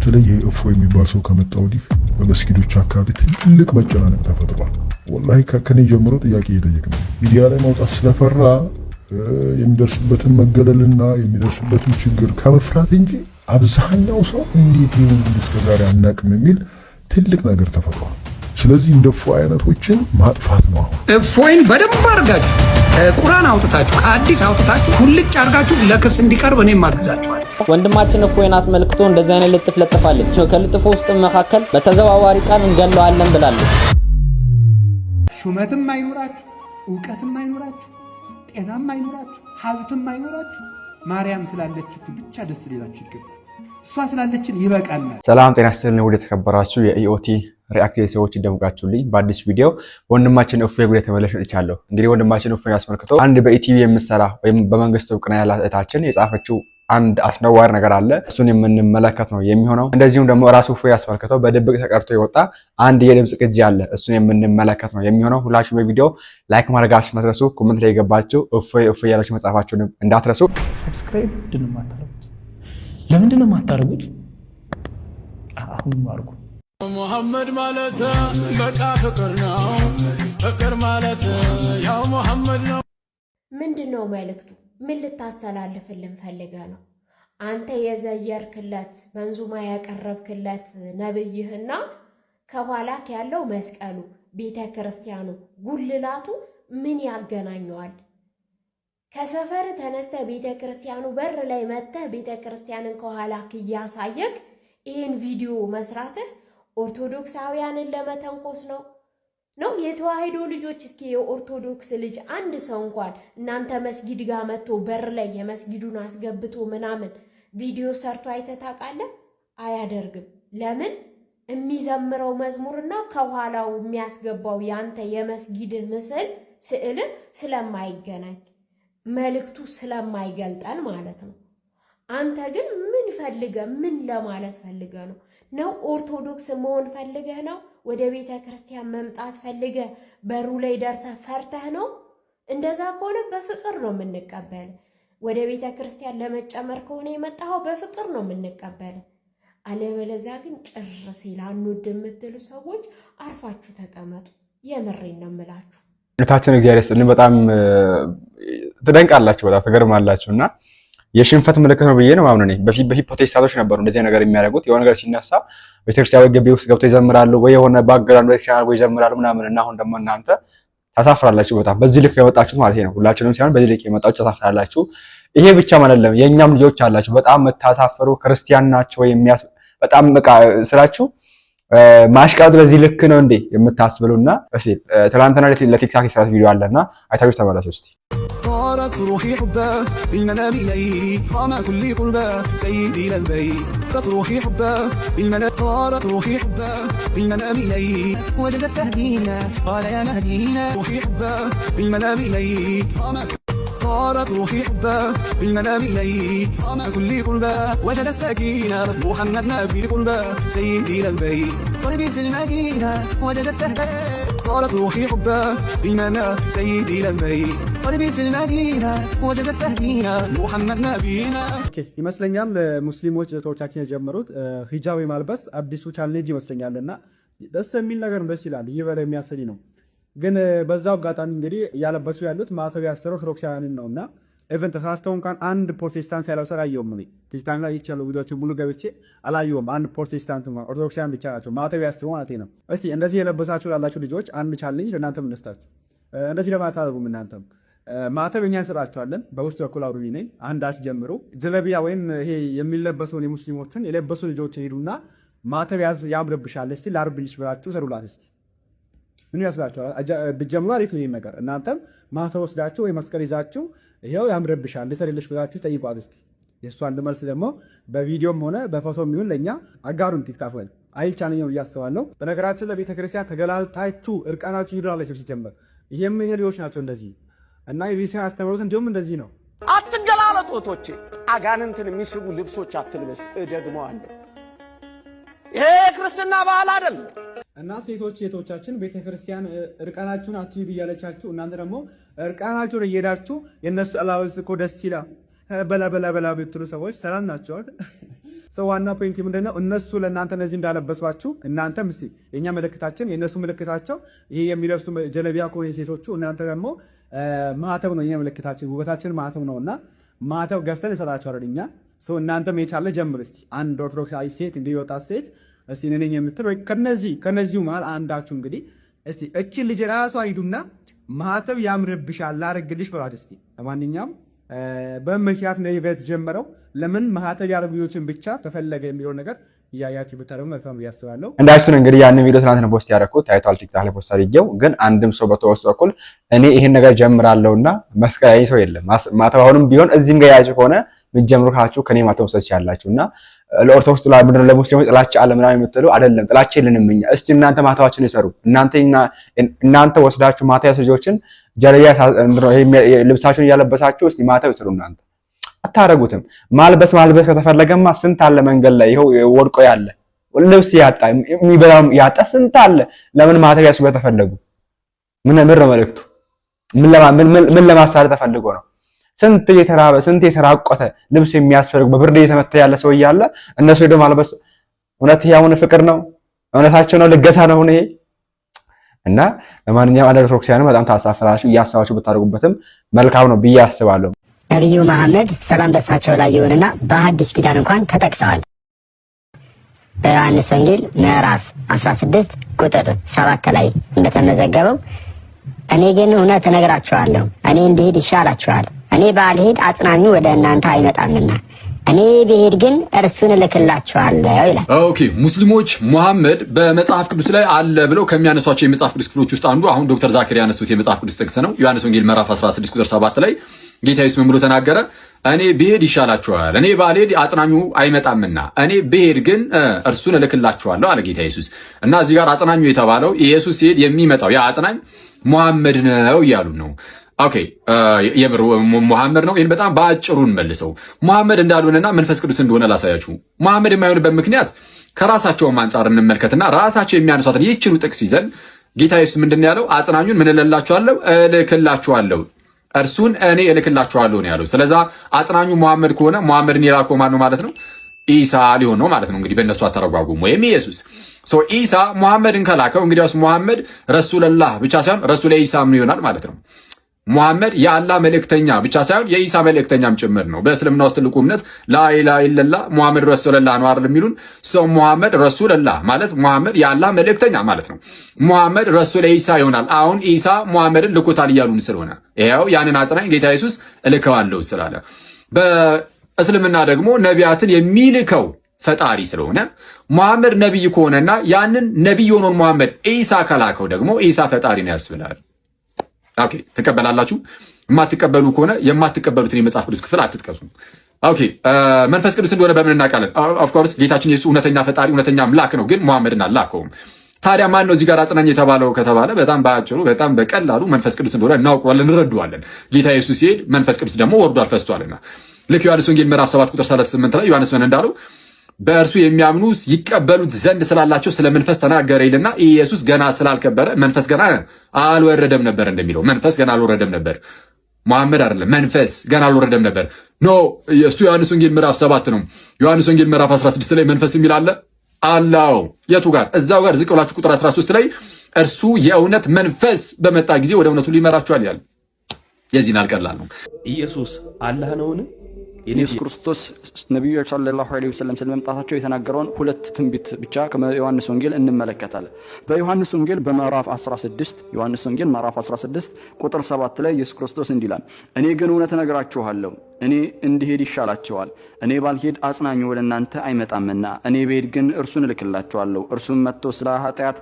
በተለይ ይሄ እፎ የሚባል ሰው ከመጣ ወዲህ በመስጊዶች አካባቢ ትልቅ መጨናነቅ ተፈጥሯል። ወላሂ ከኔ ጀምሮ ጥያቄ እየጠየቅ ነው። ሚዲያ ላይ ማውጣት ስለፈራ የሚደርስበትን መገለልና የሚደርስበትን ችግር ከመፍራት እንጂ አብዛኛው ሰው እንዴት ይሁን እስከዛሬ አናቅም የሚል ትልቅ ነገር ተፈጥሯል። ስለዚህ እንደ እፎ አይነቶችን ማጥፋት ነው አሁን እፎይን በደንብ አድርጋችሁ ቁራን አውጥታችሁ ከአዲስ አውጥታችሁ ሁልጭ አድርጋችሁ ለክስ እንዲቀርብ እኔም አግዛችኋል። ወንድማችን እፎይን አስመልክቶ እንደዚህ አይነት ልጥፍ ለጥፋለች። ከልጥፎ ውስጥ መካከል በተዘዋዋሪ ቃል እንገለዋለን ብላለች። ሹመትም አይኖራችሁ፣ እውቀትም አይኖራችሁ፣ ጤናም አይኖራችሁ፣ ሀብትም አይኖራችሁ፣ ማርያም ስላለችችሁ ብቻ ደስ ሌላችሁ ይገባል። እሷ ስላለችን ይበቃናል። ሰላም ጤና ስትልን ወደ ተከበራችሁ የኢኦቲ ሪአክቲቭ ሰዎች እንደምቃችሁልኝ በአዲስ ቪዲዮ ወንድማችን እፎይ ጉዳይ ተመለሽ መጥቻለሁ። እንግዲህ ወንድማችን እፎይን አስመልክቶ አንድ በኢቲቪ የምሰራ ወይም በመንግስት እውቅና ያላት እህታችን የጻፈችው አንድ አስነዋሪ ነገር አለ። እሱን የምንመለከት ነው የሚሆነው። እንደዚሁም ደግሞ ራሱ እፎይ አስመልክቶ በድብቅ ተቀርቶ የወጣ አንድ የድምፅ ቅጂ አለ። እሱን የምንመለከት ነው የሚሆነው። ሁላችሁ በቪዲዮ ላይክ ማድረጋችሁ እንዳትረሱ። ኮመንት ላይ የገባችሁ እፎይ እፎይ ያላችሁ መጻፋችሁንም እንዳትረሱ። ሰብስክራይብ ለምንድን ነው የማታደርጉት? አሁን አድርጉ። ሙሐመድ ማለት በቃ ፍቅር ነው። ፍቅር ማለት ያው ሙሐመድ ነው። ምንድን ነው መልእክቱ? ምን ልታስተላልፍልን ፈልገ ነው? አንተ የዘየርክለት መንዙማ ያቀረብክለት ነብይህና ከኋላክ ያለው መስቀሉ፣ ቤተ ክርስቲያኑ፣ ጉልላቱ ምን ያገናኘዋል? ከሰፈር ተነስተ ቤተ ክርስቲያኑ በር ላይ መጥተህ ቤተ ክርስቲያንን ከኋላክ እያሳየክ ይህን ቪዲዮ መስራትህ ኦርቶዶክሳውያንን ለመተንኮስ ነው ነው የተዋህዶ ልጆች። እስኪ የኦርቶዶክስ ልጅ አንድ ሰው እንኳን እናንተ መስጊድ ጋር መጥቶ በር ላይ የመስጊዱን አስገብቶ ምናምን ቪዲዮ ሰርቶ አይተታቃለ አያደርግም። ለምን? የሚዘምረው መዝሙርና ከኋላው የሚያስገባው ያንተ የመስጊድ ምስል ስዕል ስለማይገናኝ መልእክቱ ስለማይገልጠን ማለት ነው። አንተ ግን ምን ፈልገ ምን ለማለት ፈልገ ነው ነው? ኦርቶዶክስ መሆን ፈልገህ ነው? ወደ ቤተ ክርስቲያን መምጣት ፈልገህ በሩ ላይ ደርሰህ ፈርተህ ነው? እንደዛ ከሆነ በፍቅር ነው የምንቀበል። ወደ ቤተ ክርስቲያን ለመጨመር ከሆነ የመጣኸው በፍቅር ነው የምንቀበል። አለበለዚያ ግን ጭር ሲል አንወድ የምትሉ ሰዎች አርፋችሁ ተቀመጡ። የምሬን ነው የምላችሁ። እውነታችን እግዚአብሔር ይስጥልን። በጣም ትደንቃላችሁ፣ በጣም ትገርማላችሁ እና የሽንፈት ምልክት ነው ብዬ ነው ማምኑ። እኔ በፊት በፊት ፕሮቴስታንቶች ነበሩ እንደዚህ ነገር የሚያደርጉት የሆነ ነገር ሲነሳ ቤተክርስቲያን ወይ ግቢ ውስጥ ገብተው ይዘምራሉ፣ ወይ የሆነ ባክግራውንድ ቤተክርስቲያን ወይ ይዘምራሉ ምናምን እና አሁን ደግሞ እናንተ ታሳፍራላችሁ በጣም በዚህ ልክ የመጣችሁት ማለት ነው። ሁላችንም ሲሆን በዚህ ልክ የመጣችሁ ታሳፍራላችሁ። ይሄ ብቻም አይደለም፣ የእኛም ልጆች አላችሁ በጣም የምታሳፍሩ ክርስቲያን ናቸው የሚያስ በጣም በቃ ስራችሁ ማሽቃወጥ በዚህ ልክ ነው እንዴ የምታስብሉና፣ እስኪ ትናንትና ለቲክታክ የሰራት ቪዲዮ አለና አይታችሁ ተመለሱ እስኪ። صارت روحي حبا في المنام إليه طعم كل قربا سيدي للبيت تطروحي حبا في المنام صارت روحي حبا في المنام إليه وجد سهدينا قال يا مهدينا روحي حبا في المنام إليه طعم صارت روحي حبة في المنام إليه أنا كل قربة وجد السكينة محمد نبي قربة سيدي البيت قلبي طيب في المدينة وجد السهبة صارت روحي حبة في المنام سيدي البيت قلبي طيب في المدينة وجد السهدينة محمد نبينا ይመስለኛል ሙስሊሞች እህቶቻችን የጀመሩት ሂጃብ ማልበስ አዲሱ ቻሌንጅ ይመስለኛል እና ደስ የሚል ነገር ደስ ይላል። ይህ የሚያሰኝ ነው። ግን በዛው አጋጣሚ እንግዲህ እያለበሱ ያሉት ማተብ ያሰሩ ኦርቶዶክሳውያንን ነው እና ኤቨን ተሳስተው እንኳን አንድ ፕሮቴስታንት ሲያለብስ አላየውም። እኔ ቲክታክ ላይ ይቻሉ ቪዲዮዎችን ሙሉ ገብቼ አላየውም። አንድ ፕሮቴስታንት ኦርቶዶክሳውያን ብቻ ናቸው ማተብ ያስሩ ማለት ነው። እስቲ እንደዚህ የለበሳችሁ ላላችሁ ልጆች አንድ ቻሌንጅ ለእናንተም እንስጣችሁ። እንደዚህ ለማለት አደርጉም እናንተም ማተብ እኛ እንሰጣቸዋለን። በውስጥ በኩል አውሩ ነኝ አንዳች ጀምሩ። ጀለቢያ ወይም ይሄ የሚለበሰውን የሙስሊሞችን የለበሱ ልጆች ሄዱና ማዕተብ ያምርብሻል እስቲ ላርብልሽ ብላችሁ ሰሩላት እስቲ ምን ያስላችኋል? ብትጀምሩ አሪፍ ነው ይህ ነገር። እናንተም ማታ ወስዳችሁ ወይ መስቀል ይዛችሁ ይኸው ያምርብሻል ልሰልልሽ ብላችሁ ጠይቋት እስኪ። አንድ መልስ ደግሞ በቪዲዮም ሆነ በፎቶ የሚሆን ለእኛ አጋሩን ቲክታክ ላይ አይልቻንኛው እያስባለሁ። በነገራችን ለቤተክርስቲያን ተገላልታችሁ እርቃናችሁ ይድራለች ሲጀመር ይህም ሌሎች ናቸው እንደዚህ እና የቤተክርስቲያን ያስተምሩት እንዲሁም እንደዚህ ነው። አትገላለጦቶቼ አጋንንትን የሚስቡ ልብሶች አትልበሱ። እደግመዋለሁ፣ ይሄ የክርስትና ባህል አይደለም። እና ሴቶች ሴቶቻችን ቤተክርስቲያን እርቃናችሁን አትዩ ብያለቻችሁ። እናንተ ደግሞ እርቃናችሁን እየሄዳችሁ የእነሱ አላበስ እኮ ደስ ይላል በላ በላ በላ ብትሉ ሰዎች ሰላም ናቸዋል። ሰው ዋና ፖይንት ምንድነው? እነሱ ለእናንተ እነዚህ እንዳለበሷችሁ እናንተ ምስ የእኛ ምልክታችን የእነሱ ምልክታቸው ይሄ የሚለብሱ ጀለቢያ ከሆነ ሴቶቹ እናንተ ደግሞ ማተብ ነው። የእኛ ምልክታችን ውበታችን ማተብ ነው እና ማተብ ገዝተን ይሰጣቸዋል። እኛ ሰው እናንተም የቻለ ጀምር እስኪ አንድ ኦርቶዶክስ ሴት እንዲወጣ ሴት እስቲ እኔ ነኝ የምትል ወይ ከነዚህ ከነዚሁ መሀል አንዳችሁ እንግዲህ እስቲ እቺ ልጅ ራሷ ሂዱና ማህተብ ያምርብሻል ላረግልሽ በሏት እስቲ። ለማንኛውም በምክንያት ነው ጀመረው ለምን ማህተብ ያደረጉ ልጆችን ብቻ ተፈለገ የሚለው ነገር እያያችሁ ብታደርጉ መልካም ያስባለሁ። እንዳችሁን እንግዲህ ያንን ቪዲዮ ትናንትና ፖስት ያደረኩት ታይቷል። ቲክታክ ላይ ፖስት አድርጌው ግን አንድም ሰው በተወስቶ በኩል እኔ ይሄን ነገር ጀምራለሁና መስቀያይ ሰው የለም። ማተብ አሁንም ቢሆን እዚህም ጋር ያጭ ከሆነ ምጀምሩ ካላችሁ ከኔ ማተብ ሰች ያላችሁና ለኦርቶዶክስ ጥላ ምድር ለሙስሊሞች ጥላቻ አለ ምናምን የምትሉ አይደለም። ጥላቻ የለንም እኛ። እስቲ እናንተ ማታዎችን ይሰሩ። እናንተ እናንተ ወስዳችሁ ማታ ልጆችን ጀለያ ልብሳችሁን እያለበሳችሁ እስቲ ማታ ይሰሩ። እናንተ አታረጉትም። ማልበስ ማልበስ ከተፈለገማ ስንት አለ መንገድ ላይ ይኸው ወድቆ ያለ ልብስ ያጣ የሚበላም ያጣ ስንት አለ። ለምን ማታ ያስበ ተፈለጉ? ምን ነው መልእክቱ? ምን ለማ ምን ለማሳለ ተፈልጎ ነው? ስንት የተራበ ስንት የተራቆተ ልብስ የሚያስፈልግ በብርድ እየተመታ ያለ ሰው እያለ እነሱ ሄዶ ማልበስ እውነት ያውን ፍቅር ነው? እውነታቸው ነው? ልገሳ ነው ይሄ? እና ለማንኛውም አንድ ኦርቶዶክሳውያን በጣም ታሳፍራላችሁ። እያሰባችሁ ብታደርጉበትም መልካም ነው ብዬ አስባለሁ። ነቢዩ መሐመድ ሰላም በሳቸው ላይ ይሁንና በሐዲስ ኪዳን እንኳን ተጠቅሰዋል። በዮሐንስ ወንጌል ምዕራፍ 16 ቁጥር 7 ላይ እንደተመዘገበው እኔ ግን እውነት እነግራችኋለሁ እኔ እንዲሄድ ይሻላችኋል እኔ ባልሄድ አጽናኙ ወደ እናንተ አይመጣምና እኔ ብሄድ ግን እርሱን እልክላችኋለሁ ይላል። ኦኬ ሙስሊሞች ሙሐመድ በመጽሐፍ ቅዱስ ላይ አለ ብለው ከሚያነሷቸው የመጽሐፍ ቅዱስ ክፍሎች ውስጥ አንዱ አሁን ዶክተር ዛኪር ያነሱት የመጽሐፍ ቅዱስ ጥቅስ ነው። ዮሐንስ ወንጌል ምዕራፍ 16 ቁጥር 7 ላይ ጌታ ኢየሱስ ምን ብሎ ተናገረ? እኔ ብሄድ ይሻላችኋል፣ እኔ ባልሄድ አጽናኙ አይመጣምና እኔ ብሄድ ግን እርሱን እልክላችኋለሁ አለ ጌታ ኢየሱስ። እና እዚህ ጋር አጽናኙ የተባለው ኢየሱስ ሲሄድ የሚመጣው ያ አጽናኝ ሙሐመድ ነው እያሉ ነው። ኦኬ የምር ሙሐመድ ነው። ይህን በጣም በአጭሩ እንመልሰው። ሙሐመድ እንዳልሆነና መንፈስ ቅዱስ እንደሆነ ላሳያችሁ። ሙሐመድ የማይሆንበት ምክንያት ከራሳቸውም አንጻር እንመልከትና ራሳቸው የሚያነሷትን ይችሉ ጥቅስ ይዘን ጌታ ኢየሱስ ምንድን ያለው? አጽናኙን ምን እልላችኋለሁ እልክላችኋለሁ እርሱን እኔ እልክላችኋለሁ ነው ያለው። ስለዛ አጽናኙ ሙሐመድ ከሆነ ሙሐመድን የላከው ማን ነው ማለት ነው? ኢሳ ሊሆን ነው ማለት ነው። እንግዲህ በእነሱ አተረጓጉም ወይም ኢየሱስ ኢሳ ሙሐመድን ከላከው እንግዲያውስ ሙሐመድ ረሱለላህ ብቻ ሳይሆን ረሱለ ኢሳ ምን ይሆናል ማለት ነው። ሙሐመድ የአላህ መልእክተኛ ብቻ ሳይሆን የኢሳ መልእክተኛም ጭምር ነው። በእስልምና ውስጥ ትልቁ እምነት ላኢላሃ ኢለላ ሙሐመድ ረሱልላ ነው አይደል የሚሉን ሰው ሙሐመድ ረሱልላ ማለት ሙሐመድ የአላህ መልእክተኛ ማለት ነው። ሙሐመድ ረሱል ኢሳ ይሆናል። አሁን ኢሳ ሙሐመድን ልኮታል እያሉን ስለሆነ ይኸው ያንን አጽናኝ ጌታ ኢየሱስ እልከዋለሁ ስላለ በእስልምና ደግሞ ነቢያትን የሚልከው ፈጣሪ ስለሆነ ሙሐመድ ነቢይ ከሆነና ያንን ነቢይ የሆነውን ሙሐመድ ኢሳ ከላከው ደግሞ ኢሳ ፈጣሪ ነው ያስብላል። ኦኬ ትቀበላላችሁ። የማትቀበሉ ከሆነ የማትቀበሉትን የመጽሐፍ ቅዱስ ክፍል አትጥቀሱ። ኦኬ መንፈስ ቅዱስ እንደሆነ በምን እናውቃለን? ኦፍኮርስ ጌታችን የሱ እውነተኛ ፈጣሪ እውነተኛ አምላክ ነው፣ ግን መሐመድን አላከውም። ታዲያ ማን ነው እዚህ ጋር አጽናኝ የተባለው ከተባለ በጣም በአጭሩ በጣም በቀላሉ መንፈስ ቅዱስ እንደሆነ እናውቀዋለን፣ እንረዱዋለን። ጌታ ኢየሱስ ሲሄድ መንፈስ ቅዱስ ደግሞ ወርዷል፣ ፈስቷልና ልክ ዮሐንስ ወንጌል ምዕራፍ 7 ቁጥር 38 ላይ ዮሐንስ ምን እንዳለው በእርሱ የሚያምኑ ይቀበሉት ዘንድ ስላላቸው ስለ መንፈስ ተናገረ ይልና ኢየሱስ ገና ስላልከበረ መንፈስ ገና አልወረደም ነበር እንደሚለው መንፈስ ገና አልወረደም ነበር። መሐመድ አይደለም መንፈስ ገና አልወረደም ነበር። ኖ እሱ ዮሐንስ ወንጌል ምዕራፍ ሰባት ነው። ዮሐንስ ወንጌል ምዕራፍ 16 ላይ መንፈስ የሚል አለ አላው የቱ ጋር? እዛው ጋር ዝቅ ብላችሁ ቁጥር 13 ላይ እርሱ የእውነት መንፈስ በመጣ ጊዜ ወደ እውነቱ ሊመራችኋል ያለ የዚህን አልቀላል ነው ኢየሱስ አላህ ነውን? ኢየሱስ ክርስቶስ ነቢዩ ሰለላሁ ዐለይሂ ወሰለም ስለመምጣታቸው የተናገረውን ሁለት ትንቢት ብቻ ከዮሐንስ ወንጌል እንመለከታለን። በዮሐንስ ወንጌል በምዕራፍ 16 ዮሐንስ ወንጌል ምዕራፍ 16 ቁጥር 7 ላይ ኢየሱስ ክርስቶስ እንዲላል እኔ ግን እውነት እነግራችኋለሁ እኔ እንድሄድ ይሻላችኋል። እኔ ባልሄድ አጽናኙ ወደ እናንተ አይመጣምና እኔ ብሄድ ግን እርሱን እልክላችኋለሁ። እርሱም መጥቶ ስለ ኃጢአት፣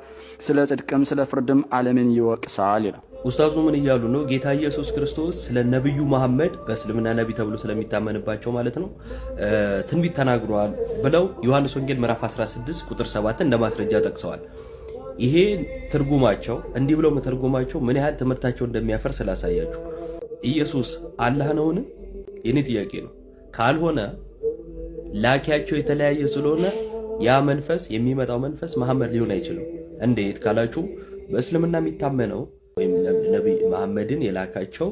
ስለ ጽድቅም፣ ስለ ፍርድም ዓለምን ይወቅሳል ይላል። ኡስታዙ ምን እያሉ ነው? ጌታ ኢየሱስ ክርስቶስ ስለ ነብዩ መሐመድ በእስልምና ነቢ ተብሎ ስለሚታመንባቸው ማለት ነው ትንቢት ተናግሯል ብለው ዮሐንስ ወንጌል ምዕራፍ 16 ቁጥር 7 እንደ ማስረጃ ጠቅሰዋል። ይሄ ትርጉማቸው እንዲህ ብለው መተርጉማቸው ምን ያህል ትምህርታቸው እንደሚያፈር ስላሳያችሁ ኢየሱስ አላህ ነውን? የኔ ጥያቄ ነው። ካልሆነ ላኪያቸው የተለያየ ስለሆነ ያ መንፈስ የሚመጣው መንፈስ መሐመድ ሊሆን አይችልም። እንዴት ካላችሁ በእስልምና የሚታመነው ወይም ነቢይ መሐመድን የላካቸው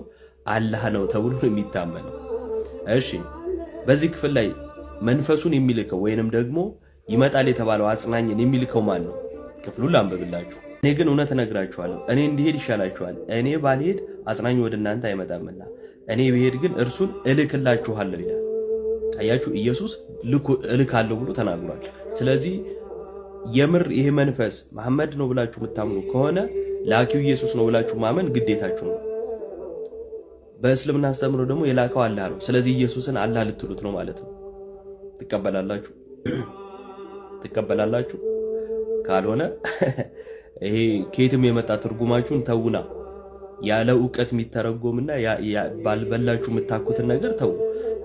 አላህ ነው ተብሎ የሚታመነው። እሺ በዚህ ክፍል ላይ መንፈሱን የሚልከው ወይንም ደግሞ ይመጣል የተባለው አጽናኝን የሚልከው ማን ነው? ክፍሉን ላንብብላችሁ። እኔ ግን እውነት እነግራችኋለሁ፣ እኔ እንዲሄድ ይሻላችኋል። እኔ ባልሄድ አጽናኝ ወደ እናንተ አይመጣምና፣ እኔ ብሄድ ግን እርሱን እልክላችኋለሁ ይላል። ታያችሁ፣ ኢየሱስ እልካለሁ ብሎ ተናግሯል። ስለዚህ የምር ይሄ መንፈስ መሐመድ ነው ብላችሁ የምታምኑ ከሆነ ላኪው ኢየሱስ ነው ብላችሁ ማመን ግዴታችሁ ነው። በእስልምና አስተምሮ ደግሞ የላከው አላህ ነው። ስለዚህ ኢየሱስን አላህ ልትሉት ነው ማለት ነው። ትቀበላላችሁ ትቀበላላችሁ። ካልሆነ ይሄ ከየትም የመጣ ትርጉማችሁን ተውና ያለ እውቀት የሚተረጎምና ባልበላችሁ የምታኩትን ነገር ተው።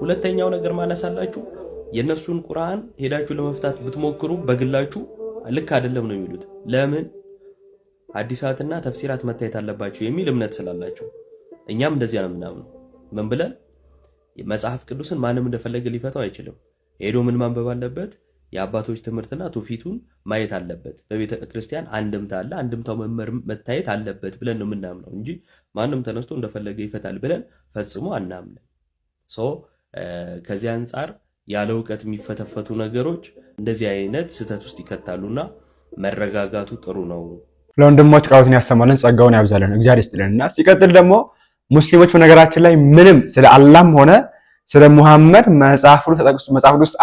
ሁለተኛው ነገር ማነሳላችሁ የእነሱን ቁርአን ሄዳችሁ ለመፍታት ብትሞክሩ በግላችሁ ልክ አይደለም ነው የሚሉት ለምን ሐዲሳትና ተፍሲራት መታየት አለባቸው የሚል እምነት ስላላቸው እኛም እንደዚያ ነው የምናምነው። ምን ብለን መጽሐፍ ቅዱስን ማንም እንደፈለገ ሊፈታው አይችልም። ሄዶ ምን ማንበብ አለበት? የአባቶች ትምህርትና ትውፊቱን ማየት አለበት። በቤተ ክርስቲያን አንድምታ አለ፣ አንድምታው መታየት አለበት ብለን ነው የምናምነው እንጂ ማንም ተነስቶ እንደፈለገ ይፈታል ብለን ፈጽሞ አናምንም። ከዚህ አንጻር ያለ እውቀት የሚፈተፈቱ ነገሮች እንደዚህ አይነት ስህተት ውስጥ ይከታሉና መረጋጋቱ ጥሩ ነው። ለወንድሞች ቃሉትን ያሰማልን ጸጋውን ያብዛልን እግዚአብሔር ይስጥልን። እና ሲቀጥል ደግሞ ሙስሊሞች በነገራችን ላይ ምንም ስለ አላም ሆነ ስለ ሙሐመድ መጽሐፍ ሁሉ መጽሐፍ ውስጥ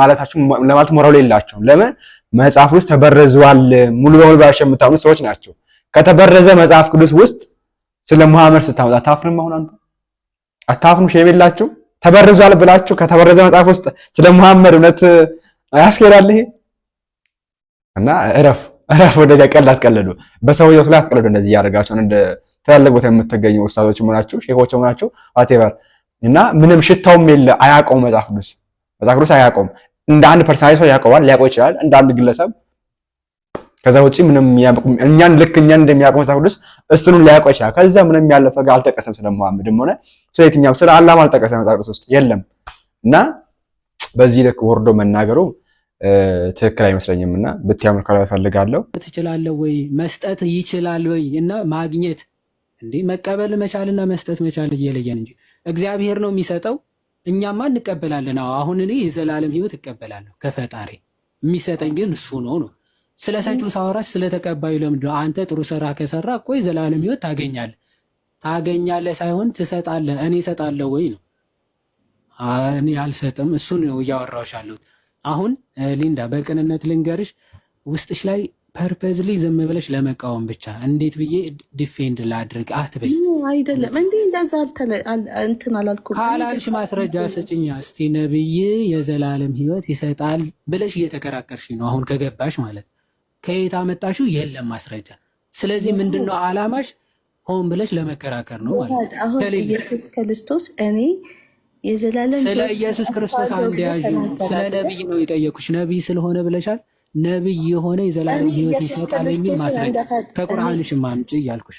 ማለታችሁ ለማለት ሞራሉ የላቸውም። ለምን መጽሐፍ ውስጥ ተበረዘዋል። ሙሉ በሙሉ ባሸ የምታምኑ ሰዎች ናቸው። ከተበረዘ መጽሐፍ ቅዱስ ውስጥ ስለ ሙሐመድ ስታመጣ አታፍንም? አሁን አንተ አታፍኑ? ሼም የላችሁ ተበረዘዋል ብላችሁ ከተበረዘ መጽሐፍ ውስጥ ስለ ሙሐመድ እውነት ያስኬዳል ይሄ እና እረፍ ራፍ ወደዛ ቀልድ አትቀልዱ። በሰውየው ላይ አትቀልዱ። እንደዚህ እያደረጋቸው እንደ ትላልቅ ቦታ የምትገኙ ውሳቶች ሆናችሁ ሼኮች ሆናችሁ ዋቴቨር እና ምንም ሽታውም የለ አያውቀውም። መጽሐፍ ቅዱስ መጽሐፍ ቅዱስ አያውቀውም። እንደ አንድ ፐርሰናሊ ሰው ያውቀዋል፣ ሊያውቀው ይችላል እንደ አንድ ግለሰብ። ከዛ ውጪ ምንም እኛን ልክ እኛን እንደሚያውቀው መጽሐፍ ቅዱስ እሱንም ሊያውቀው ይችላል። ከዛ ምንም ያለፈ ጋር አልጠቀሰም። ስለ መሐመድም ሆነ ስለ የትኛውም ስለ አላማ አልጠቀሰም መጽሐፍ ቅዱስ ውስጥ የለም። እና በዚህ ልክ ወርዶ መናገሩ ትክክል አይመስለኝም እና ብትያምር ካላ ፈልጋለሁ ትችላለህ ወይ መስጠት ይችላል ወይ እና ማግኘት እንዲህ መቀበል መቻልና መስጠት መቻል እየለየን እንጂ እግዚአብሔር ነው የሚሰጠው፣ እኛማ እንቀበላለን። አሁን እኔ የዘላለም ህይወት እቀበላለሁ ከፈጣሪ የሚሰጠኝ ግን እሱ ነው ነው ስለ ሰጪው ሳወራሽ ስለ ተቀባዩ አንተ ጥሩ ስራ ከሰራ እኮ የዘላለም ህይወት ታገኛለህ ታገኛለህ ሳይሆን ትሰጣለህ። እኔ እሰጣለሁ ወይ ነው እኔ አልሰጥም። እሱ ነው እያወራሁሽ ያለሁት። አሁን ሊንዳ በቅንነት ልንገርሽ ውስጥሽ ላይ ፐርፐዝሊ ዝም ብለሽ ለመቃወም ብቻ እንዴት ብዬ ዲፌንድ ላድርግ አትበይ። አይደለም እንዲ እንደዛ እንትን አላልኩ ካላልሽ ማስረጃ ስጭኛ እስቲ። ነብይ የዘላለም ህይወት ይሰጣል ብለሽ እየተከራከርሽ ነው አሁን ከገባሽ ማለት ከየት አመጣሽው? የለም ማስረጃ። ስለዚህ ምንድን ነው አላማሽ? ሆን ብለሽ ለመከራከር ነው ማለት ኢየሱስ ክርስቶስ እኔ የዘላለም ስለ ኢየሱስ ክርስቶስ አንድ ያዥ ስለ ነቢይ ነው የጠየኩሽ። ነቢይ ስለሆነ ብለሻል። ነቢይ የሆነ የዘላለም ህይወት ይሰጣል የሚል ማስረጃ ከቁርአንሽም አምጪ እያልኩሽ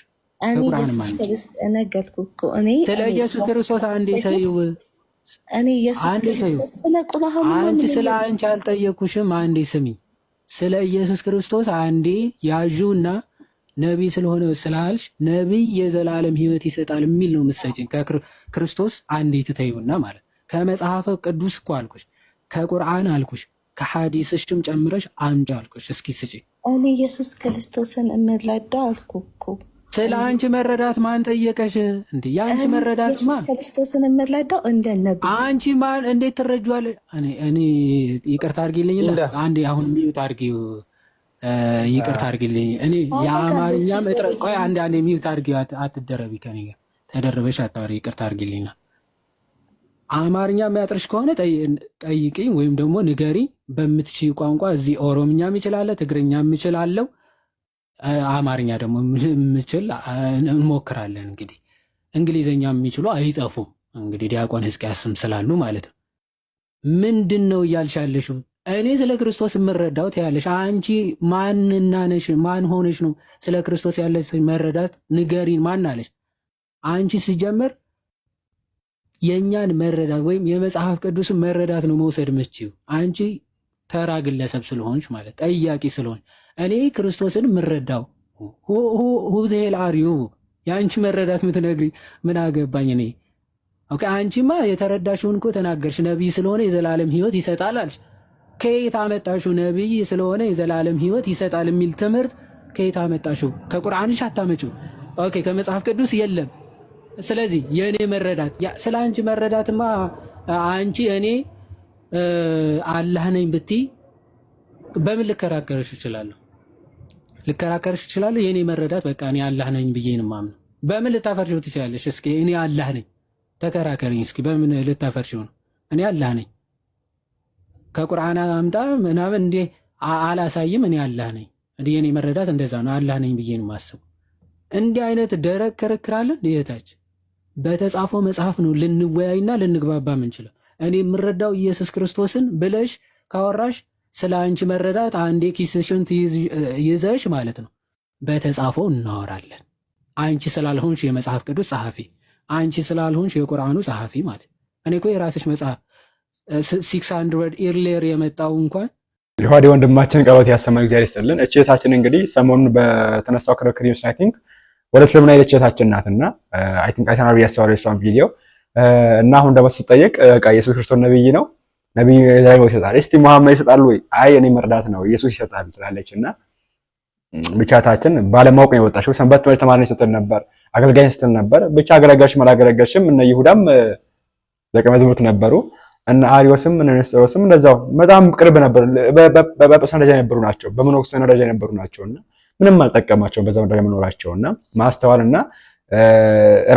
ከቁርአንም አምጪ ነገርኩ እኮ ስለ ኢየሱስ ክርስቶስ አንድ ተይው። እኔ ኢየሱስ አንቺ ስለ አንቺ አልጠየኩሽም። አንዴ ስሚ፣ ስለ ኢየሱስ ክርስቶስ አንዴ ያዥውና ነቢይ ስለሆነ ስላልሽ ነቢይ የዘላለም ህይወት ይሰጣል የሚል ነው የምትሰጪኝ። ከክርስቶስ አንድ ትተይውና ማለት ከመጽሐፈ ቅዱስ እኮ አልኩሽ፣ ከቁርአን አልኩሽ፣ ከሐዲስሽም ጨምረሽ አንጁ አልኩሽ። እስኪ ስጪ። እኔ ኢየሱስ ክርስቶስን እንረዳ አልኩ እኮ። ስለ አንቺ መረዳት ማን ጠየቀሽ እንዲ የአንቺ መረዳት ማን ክርስቶስን የምረዳው እንደ ነብ አንቺ ማን እንዴት ትረጇል? እኔ ይቅርታ አድርጊልኝ። አንዴ አሁን ሚዩት አድርጊው ይቅርታ አድርግልኝ። እኔ የአማርኛም እጥረት ቆይ፣ አንድ አንድ የሚዩት አድርጊ፣ አትደረቢ። ከኔ ጋር ተደርበሽ አታወሪ። ይቅርታ አድርግልኝና አማርኛ የሚያጥርሽ ከሆነ ጠይቂ ወይም ደግሞ ንገሪ በምትች ቋንቋ። እዚህ ኦሮምኛ ይችላለ፣ ትግርኛ የምችላለው፣ አማርኛ ደግሞ ምችል እንሞክራለን። እንግዲህ እንግሊዝኛ የሚችሉ አይጠፉም። እንግዲህ ዲያቆን ህዝቅያስም ስላሉ ማለት ነው። ምንድን ነው እያልሻለሽው? እኔ ስለ ክርስቶስ የምረዳው ትያለሽ። አንቺ ማንና ነሽ? ማን ሆነሽ ነው ስለ ክርስቶስ ያለ መረዳት ንገሪን። ማን አለሽ? አንቺ ሲጀመር የእኛን መረዳት ወይም የመጽሐፍ ቅዱስን መረዳት ነው መውሰድ ምችው። አንቺ ተራ ግለሰብ ስለሆንሽ ማለት ጠያቂ ስለሆንሽ እኔ ክርስቶስን የምረዳው ሁዜል አርዩ የአንቺ መረዳት ምትነግሪ ምን አገባኝ እኔ። አንቺማ የተረዳሽውን እኮ ተናገርሽ። ነቢይ ስለሆነ የዘላለም ህይወት ይሰጣል አልሽ። ከየት አመጣሹ? ነቢይ ስለሆነ የዘላለም ህይወት ይሰጣል የሚል ትምህርት ከየት አመጣሹ? ከቁርአንሽ አታመጪው። ኦኬ፣ ከመጽሐፍ ቅዱስ የለም። ስለዚህ የእኔ መረዳት ስለ አንቺ መረዳትማ አንቺ እኔ አላህ ነኝ ብቲ በምን ልከራከርሽ እችላለሁ? ልከራከርሽ እችላለሁ? የእኔ መረዳት በቃ እኔ አላህ ነኝ ብዬ ነው የማምነው። በምን ልታፈርሺው ትችላለሽ? እስኪ እኔ አላህ ነኝ ተከራከሪኝ። እስኪ በምን ልታፈርሺው ነው? እኔ አላህ ነኝ ከቁርአን አምጣ ምናምን እንዴ አላሳይም። እኔ አላህ ነኝ። እንዲህ መረዳት እንደዛ ነው። አላህ ነኝ ብዬ ነው የማስበው። እንዲህ አይነት ደረቅ ክርክራለን ይህታች በተጻፈው መጽሐፍ ነው ልንወያይና ልንግባባ ምንችለው። እኔ የምረዳው ኢየሱስ ክርስቶስን ብለሽ ካወራሽ ስለ አንቺ መረዳት አንዴ ኪስሽን ይዘሽ ማለት ነው በተጻፈው እናወራለን። አንቺ ስላልሆንሽ የመጽሐፍ ቅዱስ ጸሐፊ፣ አንቺ ስላልሆንሽ የቁርአኑ ጸሐፊ ማለት እኔ እኮ የራስሽ መጽሐፍ ሲክስ ሀንድረድ ኤርሌር የመጣው እንኳን የሆዴ ወንድማችን ቀሎት ያሰማን እግዚአብሔር ይስጥልን። እችታችን እንግዲህ ሰሞኑን በተነሳው ክርክር ውስጥ አይ ቲንክ ወደ እስልምና ሄደች እችታችን ናት እና አይ ቲንክ አይተናል ብዬ አስባለሁ የእሷን ቪዲዮ እና አሁን ደግሞ ስጠየቅ በቃ ኢየሱስ ክርስቶስ ነብይ ነው ነብዩ ላይ ሞት ይሰጣል። እስቲ መሐመድ ይሰጣል ወይ? አይ እኔ መርዳት ነው ኢየሱስ ይሰጣል ትላለች። እና ብቻታችን ባለማወቅ ነው የወጣችው። ሰንበት ትምህርት ተማሪ ስትል ነበር፣ አገልጋይ ስትል ነበር። ብቻ አገለገልሽም አላገለገልሽም እነ ይሁዳም ደቀ መዛሙርት ነበሩ። እና አሪዮስም እና ኔስጠሮስም እንደዛው በጣም ቅርብ ነበር፣ ደረጃ የነበሩ ናቸው፣ በመኖክስ ደረጃ የነበሩ ናቸውና ምንም አልጠቀማቸውም በዛ መድረክ መኖራቸውና ማስተዋልና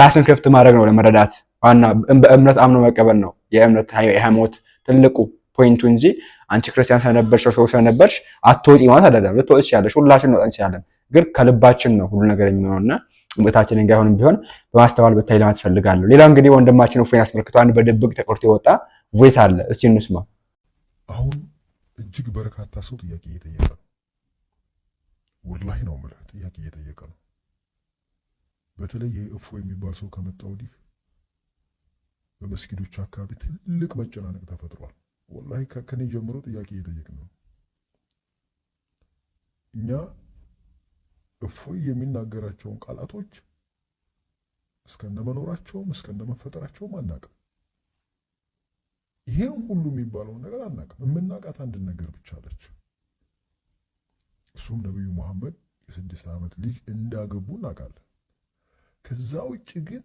ራስን ክፍት ማድረግ ነው ለመረዳት ዋና በእምነት አምኖ መቀበል ነው የእምነት የሃይማኖት ትልቁ ፖይንቱ እንጂ አንቺ ክርስቲያን ስለነበርሽ ሰው ስለነበርሽ አትወጪ ማለት አይደለም። ልትወጪ ትችያለሽ፣ ሁላችን እንወጣ እንችላለን። ግን ከልባችን ነው ሁሉ ነገር የሚሆነውና እምነታችን እንዳይሆንም ቢሆን በማስተዋል ብታይ ለማለት እፈልጋለሁ። ሌላ እንግዲህ ወንድማችን እፎይን አስመልክቶ አንድ በድብቅ ተቆርጦ የወጣ ቮይስ አለ። እስቲ እንስማ። አሁን እጅግ በርካታ ሰው ጥያቄ እየጠየቀ ነው። ወላሂ ነው የምልህ ጥያቄ እየጠየቀ ነው። በተለይ ይህ እፎ የሚባል ሰው ከመጣ ወዲህ በመስጊዶች አካባቢ ትልቅ መጨናነቅ ተፈጥሯል። ወላሂ ከኔ ጀምሮ ጥያቄ እየጠየቅ ነው። እኛ እፎይ የሚናገራቸውን ቃላቶች እስከ እስከነመፈጠራቸውም አናውቅም። ይሄን ሁሉ የሚባለውን ነገር አናውቅም። የምናውቃት አንድ ነገር ብቻ አለች። እሱም ነቢዩ መሐመድ የስድስት ዓመት ልጅ እንዳገቡ እናውቃለን። ከዛ ውጭ ግን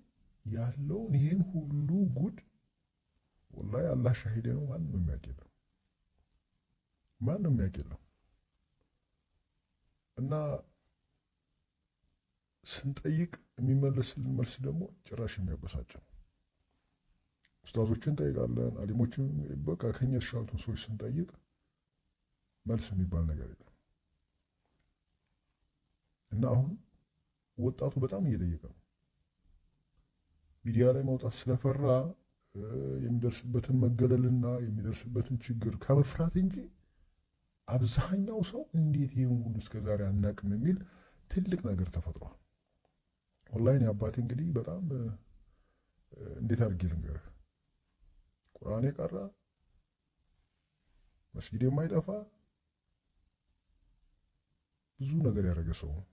ያለውን ይሄን ሁሉ ጉድ ወላሂ አላህ ሻሂዴ ነው። ማንም የሚያውቅ ማንም የሚያውቅ እና ስንጠይቅ የሚመለስልን መልስ ደግሞ ጭራሽ የሚያበሳጭ ነው። ኡስታዞችን እንጠይቃለን፣ አሊሞችን በቃ ከኛ የተሻሉትን ሰዎች ስንጠይቅ መልስ የሚባል ነገር የለም እና አሁን ወጣቱ በጣም እየጠየቀ ነው። ሚዲያ ላይ ማውጣት ስለፈራ የሚደርስበትን መገለልና የሚደርስበትን ችግር ከመፍራት እንጂ አብዛኛው ሰው እንዴት ይህን ሁሉ ዛሬ አናቅም የሚል ትልቅ ነገር ተፈጥሯል። ኦንላይን የአባቴ እንግዲህ በጣም እንዴት አድርጌ ልንገርህ ቁርአን የቀራ መስጊድ የማይጠፋ ብዙ ነገር ያደረገ ሰው ነው።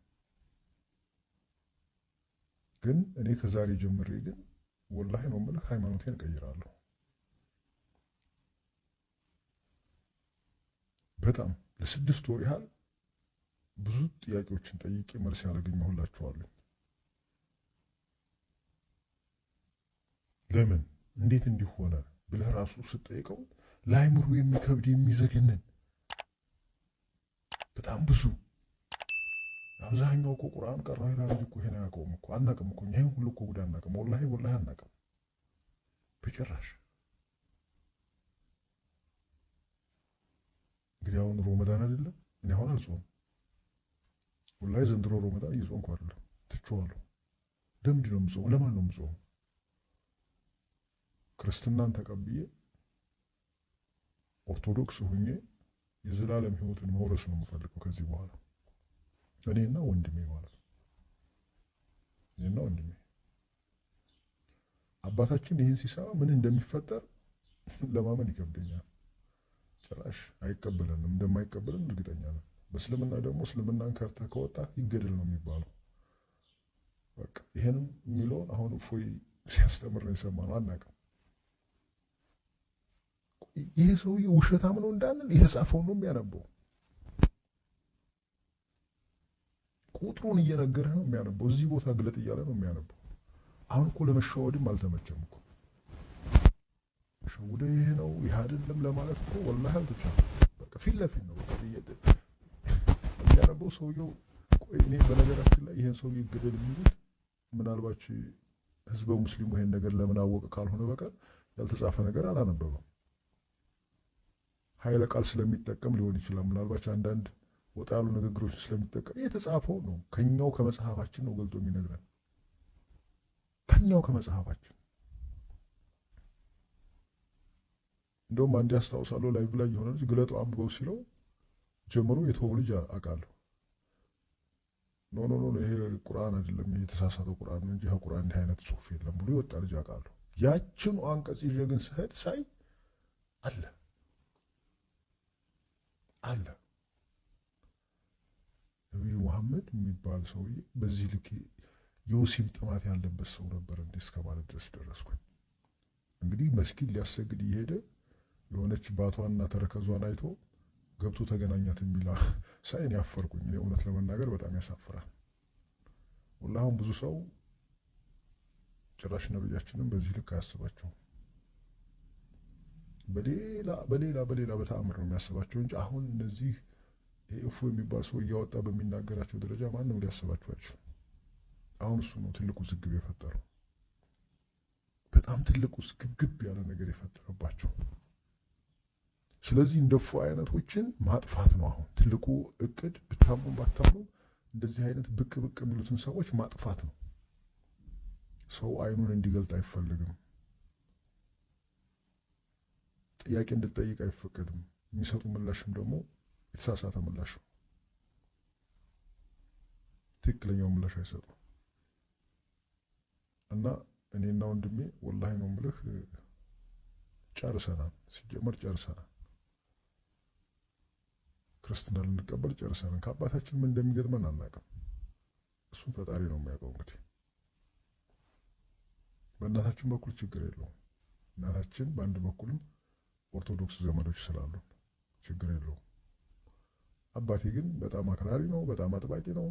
ግን እኔ ከዛሬ ጀምሬ ግን ወላሂ ነው የምልህ ሃይማኖቴን እቀይራለሁ። በጣም ለስድስት ወር ያህል ብዙ ጥያቄዎችን ጠይቄ መልስ ያላገኘሁላችኋለሁ። ለምን እንዴት እንዲህ ሆነ? ብለህ ራሱ ስጠይቀው ለአይምሮ የሚከብድ የሚዘገንን በጣም ብዙ አብዛኛው እኮ ቁርአን ቀራ ይላል እኮ ይሄን አያውቀውም እኮ አናቅም እኮ ይሄን ሁሉ እኮ ጉድ አናቅም። ወላሂ ወላሂ አናቅም በጭራሽ። እንግዲህ አሁን ሮመዳን አይደለም እኔ አሁን አልጾም ወላሂ ዘንድሮ ሮመዳን እየጾምኩ አይደለም ትቼዋለሁ። ለምንድን ነው የምጾም? ለማን ነው የምጾም? ክርስትናን ተቀብዬ ኦርቶዶክስ ሁኜ የዘላለም ህይወትን መውረስ ነው የምፈልገው ከዚህ በኋላ እኔና ወንድሜ ማለት ነው። እኔና ወንድሜ አባታችን ይህን ሲሰማ ምን እንደሚፈጠር ለማመን ይከብደኛል። ጭራሽ አይቀበለንም፣ እንደማይቀበለን እርግጠኛ ነን። በእስልምና ደግሞ እስልምናን ከርተ ከወጣ ይገደል ነው የሚባለው። በቃ ይህንም የሚለውን አሁን እፎይ ሲያስተምር ነው የሰማነው። አናውቅም ይህ ሰውዬ ውሸታም ነው እንዳንል የተጻፈው ነው የሚያነበው። ቁጥሩን እየነገረ ነው የሚያነበው። እዚህ ቦታ ግለጥ እያለ ነው የሚያነበው። አሁን እኮ ለመሸወድም አልተመቸም እኮ ሸውደ ይሄ ነው ይህ አይደለም ለማለት እኮ ወላሂ አልተቻለም። ፊት ለፊት ነው የሚያነበው ሰውየው። ቆይ እኔ በነገራችን ላይ ይህን ሰውዬ ይገደል የሚሉት ምናልባች ህዝበ ሙስሊሙ ይሄን ነገር ለምን አወቀ ካልሆነ በቀር ያልተጻፈ ነገር አላነበበም። ኃይለ ቃል ስለሚጠቀም ሊሆን ይችላል። ምናልባች አንዳንድ ወጣ ያሉ ንግግሮችን ስለሚጠቀም የተጻፈው ነው። ከኛው ከመጽሐፋችን ነው ገልጦ የሚነግረን ከኛው ከመጽሐፋችን። እንደውም አንድ ያስታውሳለሁ ላይቭ ላይ የሆነ ልጅ ግለጡ አንብበው ሲለው ጀምሮ የተወው ልጅ አውቃለሁ። ኖ ኖ ኖ ይሄ ቁርአን አይደለም ይሄ የተሳሳተው ቁርአን ነው እንጂ ቁርአን እንዲህ አይነት ጽሁፍ የለም ብሎ የወጣ ልጅ አውቃለሁ። ያችኑ አንቀጽ ይዤ ግን ስሄድ ሳይ አለ አለ። ነቢዩ መሐመድ የሚባል ሰውዬ በዚህ ልክ የወሲብ ጥማት ያለበት ሰው ነበር እንዴ እስከ ማለት ድረስ ደረስኩኝ። እንግዲህ መስጊድ ሊያሰግድ እየሄደ የሆነች ባቷና ተረከዟን አይቶ ገብቶ ተገናኛት የሚላ ሳይን ያፈርኩኝ። እውነት ለመናገር በጣም ያሳፍራል። ሁላሁን ብዙ ሰው ጭራሽ ነብያችንም በዚህ ልክ አያስባቸውም። በሌላ በሌላ በሌላ በተአምር ነው የሚያስባቸው እንጂ አሁን እነዚህ እፎ የሚባል ሰው እያወጣ በሚናገራቸው ደረጃ ማንም ሊያስባቸው አሁን እሱ ነው ትልቁ ውዝግብ የፈጠረው። በጣም ትልቁ ውዝግብ ያለ ነገር የፈጠረባቸው። ስለዚህ እንደ እፎ አይነቶችን ማጥፋት ነው አሁን ትልቁ እቅድ። ብታምኑም ባታምኑም እንደዚህ አይነት ብቅ ብቅ የሚሉትን ሰዎች ማጥፋት ነው። ሰው አይኑን እንዲገልጥ አይፈልግም። ጥያቄ እንድትጠይቅ አይፈቀድም። የሚሰጡ ምላሽም ደግሞ የተሳሳተ ምላሽ ነው። ትክክለኛው ምላሽ አይሰጡ እና እኔና ወንድሜ ወላሂ ነው ምልህ ጨርሰናል። ሲጀመር ጨርሰናል። ክርስትና ልንቀበል ጨርሰናል። ከአባታችን ምን እንደሚገጥመን አናውቅም። እሱ ፈጣሪ ነው የሚያውቀው። እንግዲህ በእናታችን በኩል ችግር የለውም። እናታችን በአንድ በኩልም ኦርቶዶክስ ዘመዶች ስላሉ ችግር የለውም። አባቴ ግን በጣም አክራሪ ነው፣ በጣም አጥባቂ ነው።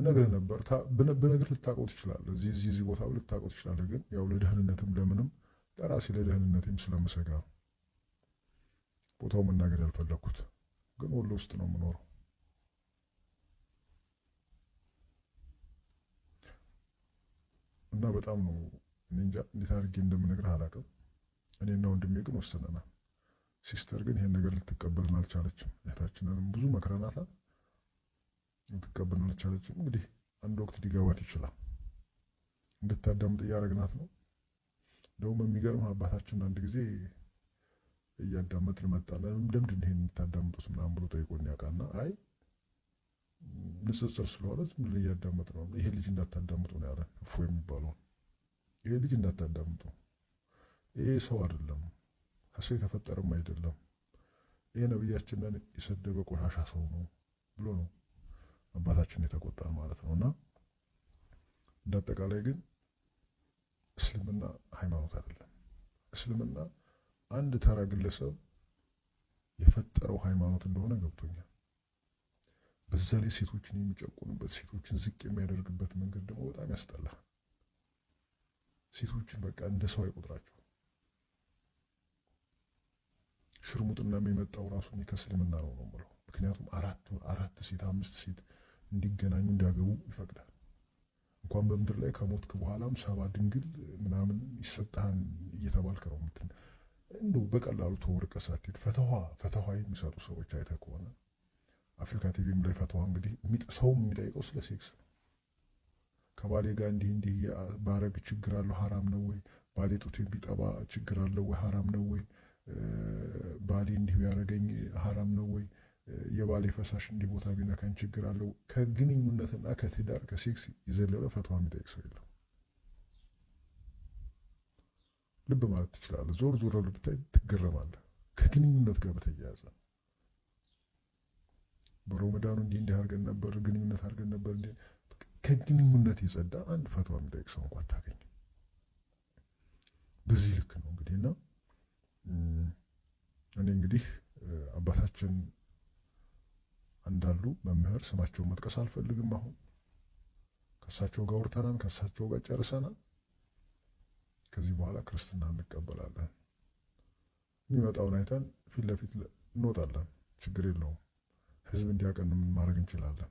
እነግርህ ነበር ብነግርህ ልታውቀው ትችላለህ፣ እዚህ እዚህ ቦታ ልታውቀው ትችላለህ። ግን ያው ለደህንነትም ለምንም ለራሴ ለደህንነትም ስለምሰጋ ነው ቦታው መናገር ያልፈለግኩት። ግን ወሎ ውስጥ ነው የምኖረው። እና በጣም ነው እንጃ እንዴት አድርጌ እንደምነግርህ አላውቅም። እኔና ወንድሜ ግን ወሰነናል። ሲስተር ግን ይሄን ነገር ልትቀበልን አልቻለችም። እህታችንንም ብዙ መክረናታል፣ ልትቀበልን አልቻለችም። እንግዲህ አንድ ወቅት ሊገባት ይችላል። እንድታዳምጥ እያደረግናት ነው። ደውም የሚገርም አባታችን አንድ ጊዜ እያዳመጥን መጣን። ለምንድን ነው ይሄን የምታዳምጡት ምናምን ብሎ ጠይቆን ያውቃና አይ ንጽጽር ስለሆነ ዝም ብለን እያዳመጥ ነው። ይሄ ልጅ እንዳታዳምጡ ነው ያለን እፎ የሚባለው ይሄ ልጅ እንዳታዳምጡ ነው ይህ ሰው አይደለም፣ ከሰው የተፈጠረም አይደለም፣ ይሄ ነብያችንን የሰደበ ቆሻሻ ሰው ነው ብሎ ነው አባታችን የተቆጣን ማለት ነው። እና እንደ አጠቃላይ ግን እስልምና ሃይማኖት አይደለም። እስልምና አንድ ተራ ግለሰብ የፈጠረው ሃይማኖት እንደሆነ ገብቶኛል። በዛ ላይ ሴቶችን የሚጨቁንበት ሴቶችን ዝቅ የሚያደርግበት መንገድ ደግሞ በጣም ያስጠላል። ሴቶችን በቃ እንደ ሰው አይቆጥራቸው ሽርሙጥና የሚመጣው ራሱ ከእስልምና ነው ነው ብለው ምክንያቱም አራት አራት ሴት አምስት ሴት እንዲገናኙ እንዲያገቡ ይፈቅዳል። እንኳን በምድር ላይ ከሞትክ በኋላም ሰባ ድንግል ምናምን ይሰጣን እየተባልክ ነው ምትን እንዶ በቀላሉ ተወርቀ ሳትሄድ ፈተዋ ፈተዋ የሚሰጡ ሰዎች አይተህ ከሆነ አፍሪካ ቲቪም ላይ ፈተዋ እንግዲህ ሰውም የሚጠይቀው ስለ ሴክስ ነው። ከባሌ ጋር እንዲህ እንዲህ ባረግ ችግር አለው ሀራም ነው ወይ? ባሌ ጡት ቢጠባ ችግር አለው ወይ? ሀራም ነው ወይ? ባሌ እንዲህ ቢያደርገኝ ሀራም ነው ወይ? የባሌ ፈሳሽ እንዲህ ቦታ ቢነካኝ ችግር አለው? ከግንኙነትና ከትዳር ከሴክስ የዘለለ ፈትዋ የሚጠይቅ ሰው የለም። ልብ ማለት ትችላለህ። ዞር ዞር ብታይ ትገረማለህ። ከግንኙነት ጋር በተያያዘ በሮመዳኑ እንዲህ እንዲህ አድርገን ነበር፣ ግንኙነት አድርገን ነበር። ከግንኙነት የጸዳ አንድ ፈትዋ የሚጠይቅ ሰው እንኳ አታገኝም። በዚህ ልክ ነው እንግዲህ እና እኔ እንግዲህ አባታችን አንዳሉ መምህር ስማቸውን መጥቀስ አልፈልግም። አሁን ከእሳቸው ጋር ውርተናል፣ ከእሳቸው ጋር ጨርሰናል። ከዚህ በኋላ ክርስትና እንቀበላለን። የሚመጣውን አይተን ፊት ለፊት እንወጣለን። ችግር የለውም። ህዝብ እንዲያቀን ምን ማድረግ እንችላለን።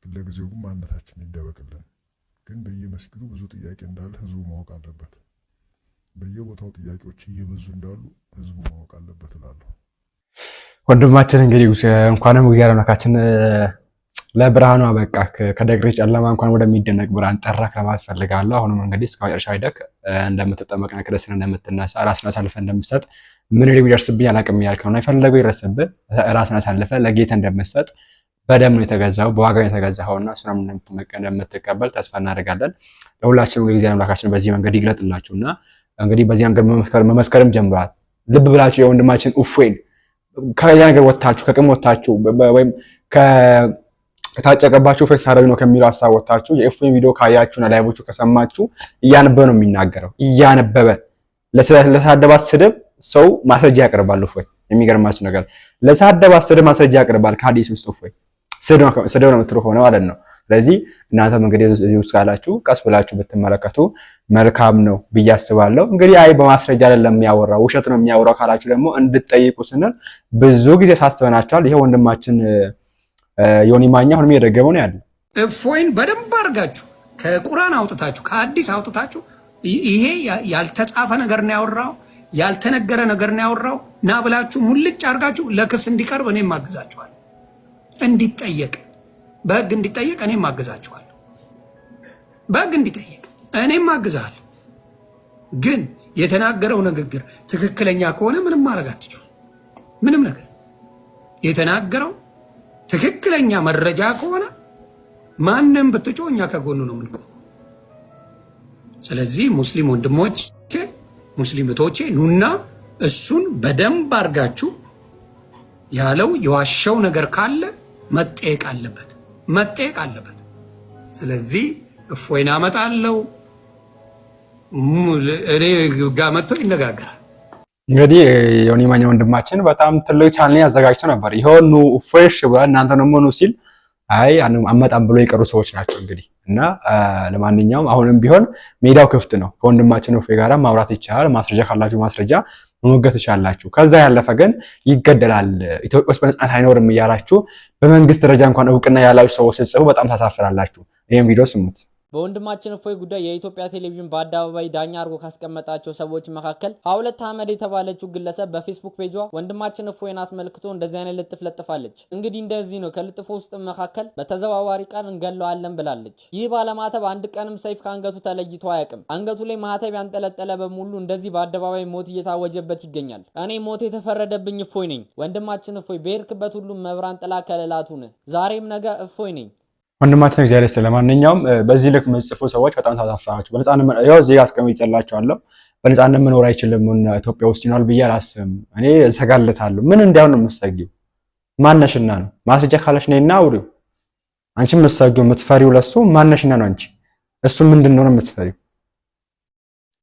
ግን ለጊዜው ግን ማንነታችን ይደበቅልን። ግን በየመስጊዱ ብዙ ጥያቄ እንዳለ ህዝቡ ማወቅ አለበት። በየቦታው ጥያቄዎች እየበዙ እንዳሉ ህዝቡ ማወቅ አለበት እላለሁ። ወንድማችን እንግዲህ እንኳንም እግዚአብሔር አምላካችን ለብርሃኑ አበቃ ከደግሬ ጨለማ እንኳን ወደሚደነቅ ብርሃን ጠራክ ለማለት ፈልጋለሁ። አሁንም እንግዲህ እስከ መጨረሻ ሂደክ እንደምትጠመቅ ነቅደስን እንደምትነሳ ራስን አሳልፈ እንደምትሰጥ ምን ሄድ ቢደርስብኝ አላቅም ያልክ ነው። የፈለገው ይደረስብህ ራስን አሳልፈ ለጌተ እንደምትሰጥ በደም ነው የተገዛው፣ በዋጋ ነው የተገዛው እና እሱንም እንደምትቀበል ተስፋ እናደርጋለን። ለሁላችንም እግዚአብሔር አምላካችን በዚህ መንገድ ይግለጥላችሁና እንግዲህ በዚህ ነገር መመስከርም ጀምሯል። ልብ ብላችሁ የወንድማችን እፎይን ከሌላ ነገር ወታችሁ ከቅም ወታችሁ ወይም ከታጨቀባችሁ ፌስ አረቢ ነው ከሚለው ሀሳብ ወታችሁ የእፎይን ቪዲዮ ካያችሁና ላይቦቹ ከሰማችሁ እያነበበ ነው የሚናገረው። እያነበበ ለሳደባት ስድብ ሰው ማስረጃ ያቀርባል። እፎይ የሚገርማችሁ ነገር ለሳደባት ስድብ ማስረጃ ያቀርባል። ከሀዲስ ውስጥ እፎይ ስድብ ነው የምትሉ ከሆነ ማለት ነው ስለዚህ እናንተም እንግዲህ እዚህ ውስጥ ካላችሁ ቀስ ብላችሁ ብትመለከቱ መልካም ነው ብዬ አስባለሁ። እንግዲህ አይ በማስረጃ ላይ ለሚያወራ ውሸት ነው የሚያወራው ካላችሁ ደግሞ እንድትጠይቁ ስንል ብዙ ጊዜ ሳስበናቸዋል። ይሄ ወንድማችን ዮኒ ማኛ አሁንም እየደገመው ነው ያለው። እፎይን በደንብ አድርጋችሁ ከቁራን አውጥታችሁ ከአዲስ አውጥታችሁ ይሄ ያልተጻፈ ነገር ነው ያወራው ያልተነገረ ነገር ነው ያወራው። ና ብላችሁ ሙልጭ አድርጋችሁ ለክስ እንዲቀርብ እኔም አግዛችኋል እንዲጠየቅ በህግ እንዲጠየቅ እኔም ማግዛቸዋል። በህግ እንዲጠየቅ እኔም ማግዛል። ግን የተናገረው ንግግር ትክክለኛ ከሆነ ምንም ማድረግ አትችሉ። ምንም ነገር የተናገረው ትክክለኛ መረጃ ከሆነ ማንም ብትጮ እኛ ከጎኑ ነው የምንቆ። ስለዚህ ሙስሊም ወንድሞች ሙስሊም እህቶቼ ኑና እሱን በደንብ አድርጋችሁ ያለው የዋሸው ነገር ካለ መጠየቅ አለበት። መጠየቅ አለበት። ስለዚህ እፎይን አመጣለው እኔ ጋር መጥቶ ይነጋገራል። እንግዲህ የዮኒ ማኛ ወንድማችን በጣም ትልቅ ቻንል አዘጋጅቶ ነበር። ይኸው ኑ ብላ እናንተ ደግሞ ኑ ሲል አይ አመጣም ብሎ የቀሩ ሰዎች ናቸው እንግዲህ እና ለማንኛውም አሁንም ቢሆን ሜዳው ክፍት ነው። ከወንድማችን እፎይ ጋር ማውራት ይቻላል። ማስረጃ ካላችሁ ማስረጃ መሞገት ትችላላችሁ። ከዛ ያለፈ ግን ይገደላል፣ ኢትዮጵያ ውስጥ በነጻነት አይኖርም እያላችሁ በመንግስት ደረጃ እንኳን እውቅና ያላችሁ ሰዎች ስትጽፉ በጣም ታሳፍራላችሁ። ይህም ቪዲዮ ስሙት። በወንድማችን እፎይ ጉዳይ የኢትዮጵያ ቴሌቪዥን በአደባባይ ዳኛ አድርጎ ካስቀመጣቸው ሰዎች መካከል ሀውለት አህመድ የተባለችው ግለሰብ በፌስቡክ ፔጇ ወንድማችን እፎይን አስመልክቶ እንደዚህ አይነት ልጥፍ ለጥፋለች። እንግዲህ እንደዚህ ነው። ከልጥፎ ውስጥ መካከል በተዘዋዋሪ ቀን እንገለዋለን ብላለች። ይህ ባለማተብ አንድ ቀንም ሰይፍ ከአንገቱ ተለይቶ አያውቅም። አንገቱ ላይ ማህተብ ያንጠለጠለ በሙሉ እንደዚህ በአደባባይ ሞት እየታወጀበት ይገኛል። እኔ ሞት የተፈረደብኝ እፎይ ነኝ። ወንድማችን እፎይ በሄድክበት ሁሉም መብራን ጥላ ከለላቱን ዛሬም ነገ እፎይ ነኝ ወንድማችን እግዚአብሔር ይስጥልህ። ለማንኛውም በዚህ ልክ መጽፎ ሰዎች በጣም ታሳፍራችሁ። በነጻነት ያው እዚህ አስቀምጬላችኋለሁ። በነጻነት መኖር አይችልም ኢትዮጵያ ውስጥ ይሆናል ብዬ አላስብም። እኔ እሰጋለታለሁ። ምን እንዲያው ነው የምትሰጊው? ማነሽና ነው? ማስረጃ ካለሽ ነይና አውሪው። አንቺ የምትሰጊው የምትፈሪው ለሱ ማነሽና ነው አንቺ። እሱ ምንድን ነው የምትፈሪው?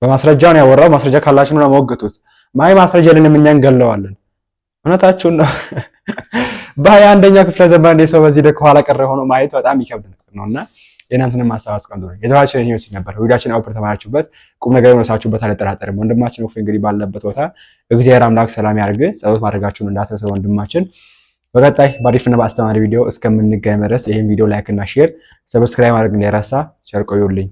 በማስረጃ ነው ያወራው። ማስረጃ ካላችሁ ነው ሞግቱት። ማይ ማስረጃ ለነምኛን ገለዋለን። እንገለዋለን። እውነታችሁን ነው በሀያ አንደኛው ክፍለ ዘመን እንደ ሰው በዚህ ልክ ኋላ ቀረ ሆኖ ማየት በጣም ይከብድ ነው እና የእናንተንም ሀሳብ አስቀምጡ። የዘማችን ሲል ነበር ሁዳችን አውፕር ተማራችሁበት ቁም ነገር የሆነሳችሁበት አልጠራጠርም። ወንድማችን እፎይ እንግዲህ ባለበት ቦታ እግዚአብሔር አምላክ ሰላም ያድርግ። ጸሎት ማድረጋችሁን እንዳትረሱ ወንድማችን። በቀጣይ በአሪፍና በአስተማሪ ቪዲዮ እስከምንገናኝ ድረስ ይህን ቪዲዮ ላይክ እና ሼር፣ ሰብስክራይብ ማድረግ እንዳይረሳ። ቸር ቆዩልኝ።